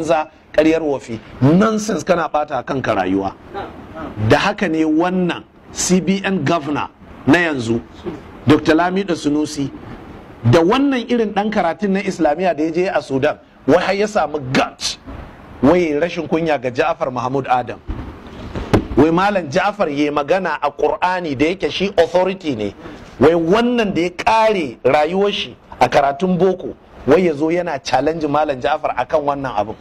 banza karyar wafi nonsense kana bata kanka rayuwa da haka ne wannan cbn governor na yanzu dr lamidu sunusi da wannan irin dan karatun na islamiyya da ya je a sudan wai ya samu gat wai rashin kunya ga ja'far mahmud adam wai malam ja'far ya magana a ƙur'ani da yake shi authority ne wai wannan da ya kare rayuwar shi a karatun boko wai ya zo yana challenge malam ja'far akan wannan abin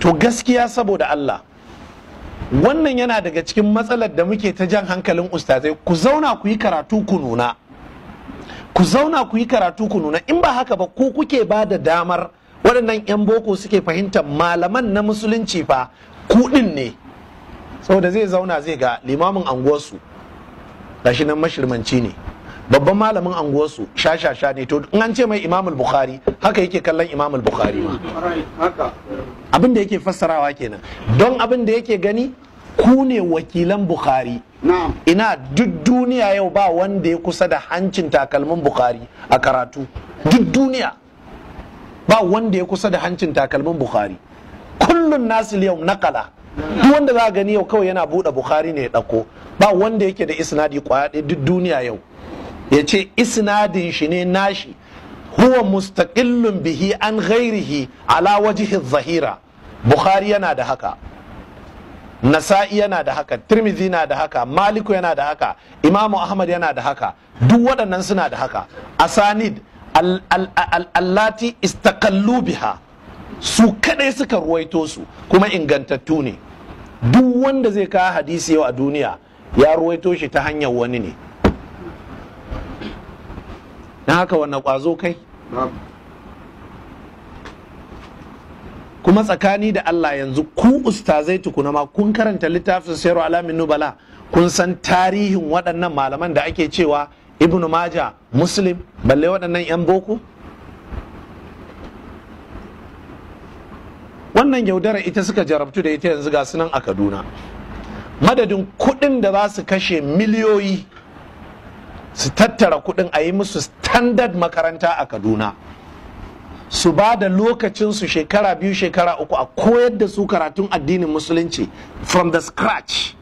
to gaskiya saboda Allah wannan yana daga cikin matsalar da muke ta jan hankalin ustazai ku zauna ku yi karatu ku nuna ku zauna ku yi karatu ku nuna in ba haka ba ku kuke ba da damar waɗannan 'yan boko suke fahimtar malaman na musulunci fa kuɗin ne saboda zai zauna zai ga limamin anguwarsu gashi nan mashirmanci ne babban malamin anguwarsu shashasha ne to in an ce mai imamul bukhari haka yake kallon imamul bukhari ma abin da yake fassarawa kenan don abin da yake gani ku ne wakilan bukhari ina duk duniya yau ba wanda ya kusa da hancin takalmin bukhari a karatu duk duniya ba wanda ya kusa da hancin takalmin bukhari kullun nasil yau nakala duk wanda za a gani yau kawai yana buɗe bukhari ne ya ɗauko ba wanda yake da isnadi kwaɗe duk duniya yau ya ce isnadin shi ne nashi huwa mustaqillun bihi an ghairihi ala wajhi zahira bukhari yana da haka nasa'i yana da haka tirmidhi na da haka maliku yana da haka imamu ahmad yana da haka duk waɗannan suna da haka asanid allati istaqallu biha su kadai suka ruwaito su kuma ingantattu ne duk wanda zai kawo hadisi yau a duniya ya ruwaito shi ta hanyar wani ne na haka wannan kwazo kai kuma tsakani da Allah yanzu ku ustazai tukuna ma kun karanta littafin sayarwa alamin nubala kun san tarihin waɗannan malaman da ake cewa ibnu maja muslim balle waɗannan 'yan boko wannan yaudara ita suka jarabtu da ita yanzu ga sunan a kaduna madadin kuɗin da za su kashe miliyoyi su tattara kuɗin a yi musu standard makaranta a kaduna su ba da lokacinsu shekara biyu shekara uku a koyar da su karatun addinin musulunci from the scratch